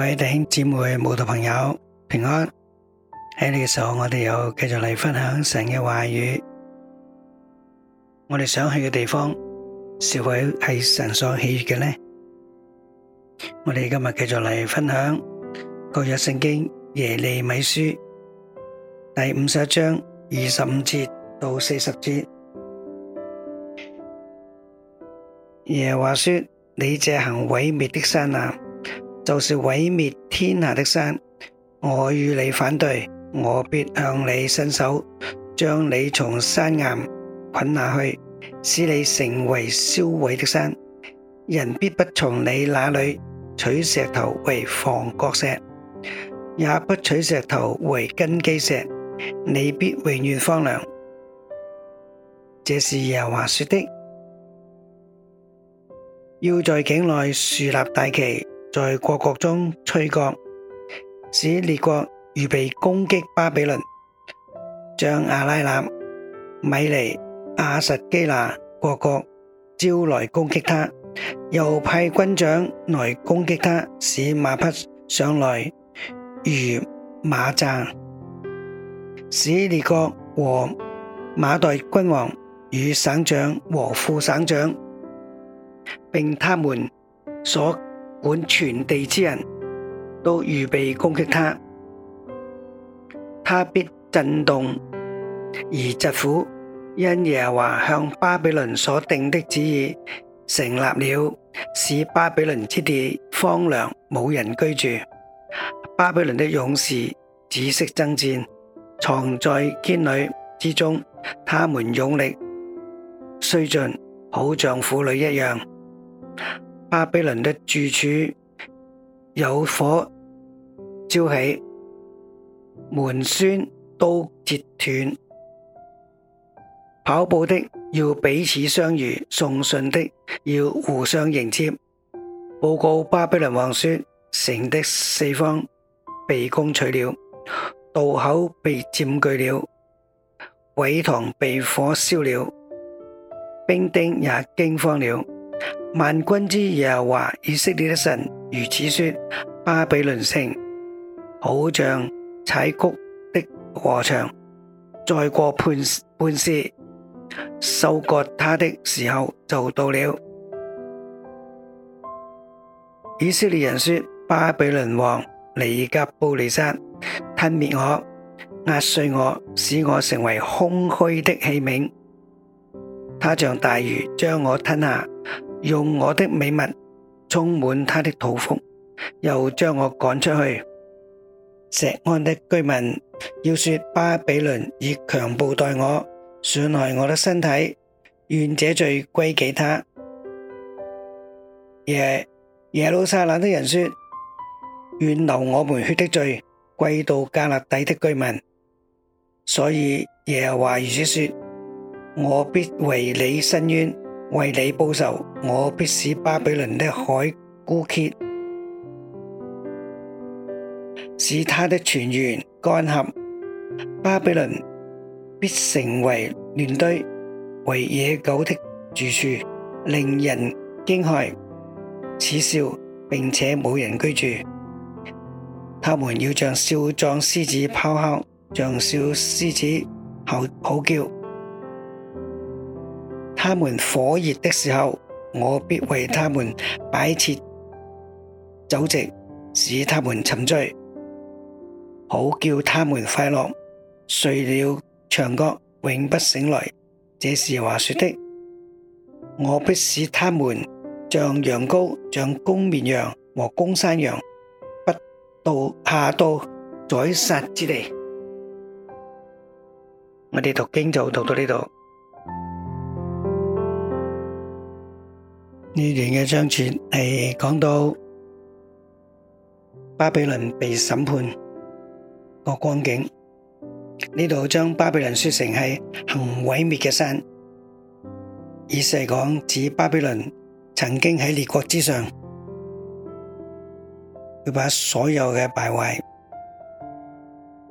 各位弟兄姊妹、慕道朋友，平安。喺你嘅時候，我哋又繼續嚟分享神嘅話語。我哋想去嘅地方，是否係神所喜悅嘅呢？我哋今日繼續嚟分享舊約聖經耶利米書第五十一章二十五節到四十節。耶和華說：你這行毀滅的山啊！就是毀滅天下的山，我與你反對，我必向你伸手，將你從山岩捆下去，使你成為燒毀的山。人必不從你那裏取石頭為房角石，也不取石頭為根基石，你必永遠荒涼。這是耶和華說的，要在境內豎立大旗。在各國中吹角，使列國預備攻擊巴比倫，將阿拉南、米尼、阿什基拿各國招來攻擊他，又派軍長來攻擊他，使馬匹上來如馬贊，使列國和馬代君王與省長和副省長，並他們所，管全地之人都預備攻擊他，他必震動。而疾苦因耶和華向巴比倫所定的旨意，成立了使巴比倫之地荒涼，冇人居住。巴比倫的勇士只識爭戰，藏在堅壘之中，他們勇力雖盡，好像婦女一樣。巴比倫的住處有火燒起，門閂都折斷。跑步的要彼此相遇，送信的要互相迎接。報告巴比倫王說：城的四方被攻取了，渡口被佔據了，葦塘被火燒了，兵丁也驚慌了。萬軍之耶和華以色列的神如此說：巴比倫城好像踩穀的禾場，再過片時收割他的時候就到了。以色列人說：巴比倫王尼布甲尼撒吞滅我，壓碎我，使我成為空虛的器皿。他像大魚將我吞下。用我的美物充滿他的肚腹，又將我趕出去。錫安的居民要說：巴比倫以強暴待我，損害我的身體，願這罪歸給他。耶耶路撒冷的人說：願流我們血的罪歸到迦勒底的居民。所以耶和華如此說：我必為你伸冤。為你報仇，我必使巴比倫的海枯竭，使它的泉源乾涸，巴比倫必成為亂堆，為野狗的住處，令人驚駭、恥笑，並且冇人居住。他們要像少壯獅子咆哮，像小獅子吼吼叫。他們火熱的時候，我必為他們擺設酒席，使他們沉醉，好叫他們快樂，睡了長覺，永不醒來。這是話說的。我必使他們像羊羔，像公綿羊和公山羊，不到下到宰殺之地。 我哋讀經就讀到呢度。呢段嘅章節係講到巴比倫被審判個光景，呢度將巴比倫說成是行毀滅嘅山，意思係講指巴比倫曾經喺列國之上，佢把所有嘅敗壞。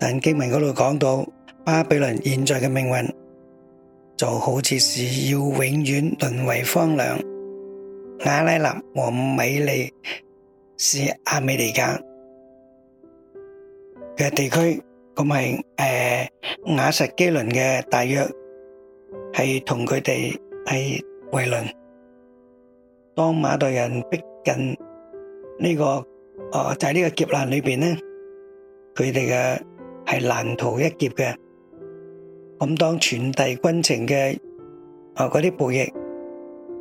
但經文嗰度講到巴比倫現在嘅命運，就好似是要永遠淪為荒涼。亞拉納和米利是亞美尼亞嘅地區，咁係誒亞述基倫嘅，大約係同佢哋係為鄰。當馬代人逼近呢個誒就係呢個劫難裏邊咧，佢哋嘅係難逃一劫嘅。咁當傳遞軍情嘅誒嗰啲報役，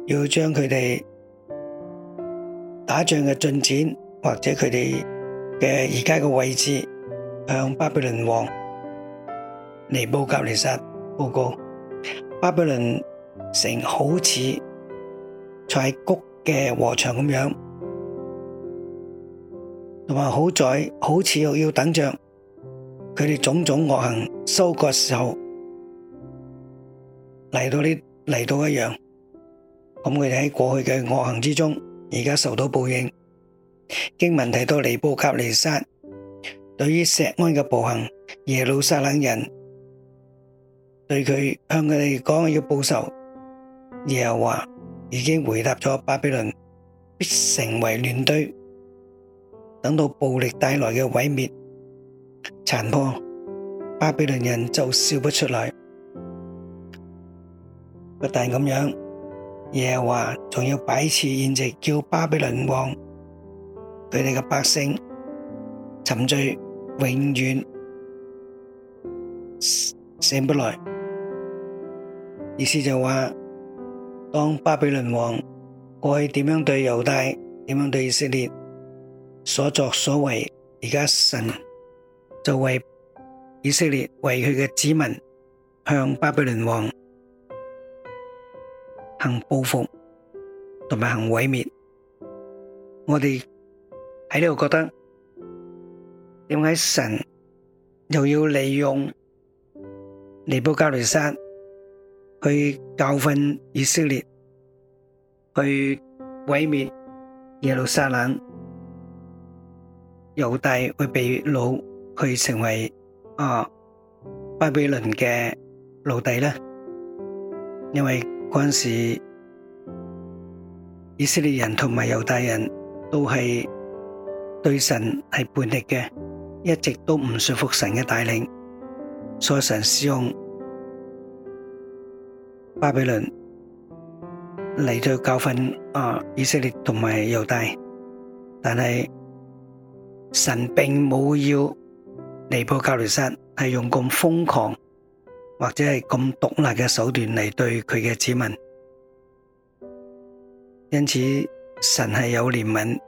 要將佢哋，打仗嘅進展，或者佢哋嘅而家嘅位置，向巴比倫王尼布甲尼撒報告，巴比倫城好似在谷嘅禾場咁樣，同埋好在好似又要等着佢哋種種惡行收割嘅時候嚟到呢嚟到一樣，咁佢哋喺過去嘅惡行之中。而家受到報應。經文提到尼布甲尼撒，對於錫安嘅暴行，耶路撒冷人對佢向佢哋講要報仇，耶和華已經回答咗：巴比倫必成為亂堆，等到暴力帶來嘅毀滅、殘破，巴比倫人就笑不出來。不但咁樣。也係話，仲要擺設宴席，叫巴比倫王佢哋嘅百姓沉醉，永遠醒不來。意思就話當巴比倫王過去點樣對猶大、點樣對以色列所作所為，而家神就為以色列、為佢嘅子民向巴比倫王行報復同埋行毀滅，我哋喺呢度覺得點解神又要利用尼布甲尼撒去教訓以色列，去毀滅耶路撒冷，猶大會被擄去成為啊巴比倫嘅奴隸咧？因為嗰陣時，以色列人同埋猶大人都係對神係叛逆嘅，一直都唔信服神嘅帶領，所以神使用巴比倫嚟到教訓啊以色列同埋猶大，但係神並冇要尼布甲尼撒係用咁瘋狂。或者係咁獨立嘅手段嚟對佢嘅子民，因此神係有憐憫、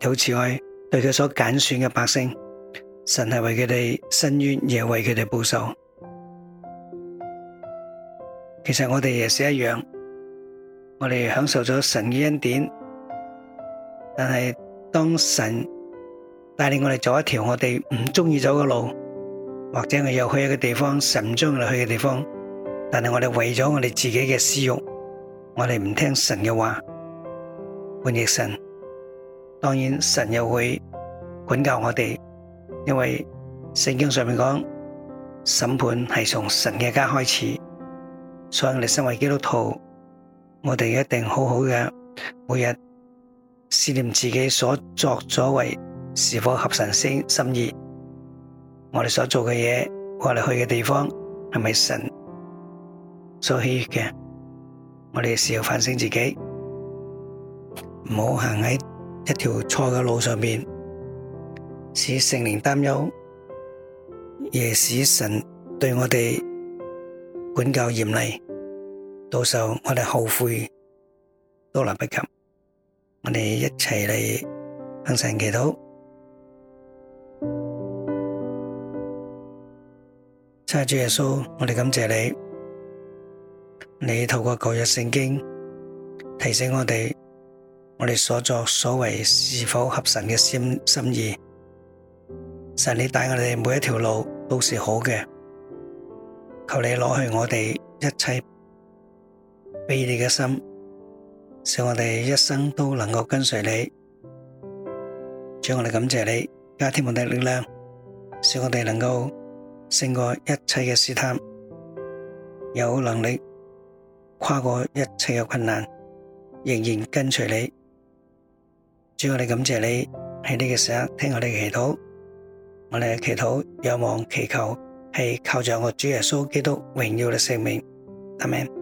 有慈愛對佢所揀選嘅百姓，神係為佢哋伸冤，也為佢哋報仇。其實我哋亦是一樣，我哋享受咗神嘅恩典，但係當神帶領我哋走一條我哋唔中意走嘅路。或者我又去一個地方，神唔鍾意我去嘅地方，但係我哋為咗我哋自己嘅私欲，我哋唔聽神嘅話，叛逆神，當然神又會管教我哋，因為聖經上面講審判係從神嘅家開始，所以我哋身為基督徒，我哋一定好好嘅，每日思念自己所作所為是否合神心意。我哋所做嘅嘢，我哋去嘅地方，係咪神所喜悅嘅？So、我哋時刻，反省自己，唔好行喺一條錯嘅路上面，使聖靈擔憂，也使神對我哋管教嚴厲。到時候我哋後悔都來不及。我哋一齊嚟向神祈禱。謝主耶穌，我哋感謝你，你透過舊約聖經提醒我哋，我哋所作所為是否合神嘅心意。神你帶我哋每一條路都是好嘅，求你攞去我哋一切卑劣嘅心，使我哋一生都能夠跟隨你。主我哋感謝你，加添我哋力量，使我哋能夠，勝過一切嘅試探，有能力跨過一切嘅困難，仍然跟隨你。主我哋感謝你喺呢個時刻聽我哋嘅祈禱，我哋嘅祈禱仰望祈求係靠着我主耶穌基督榮耀嘅聖名，阿門。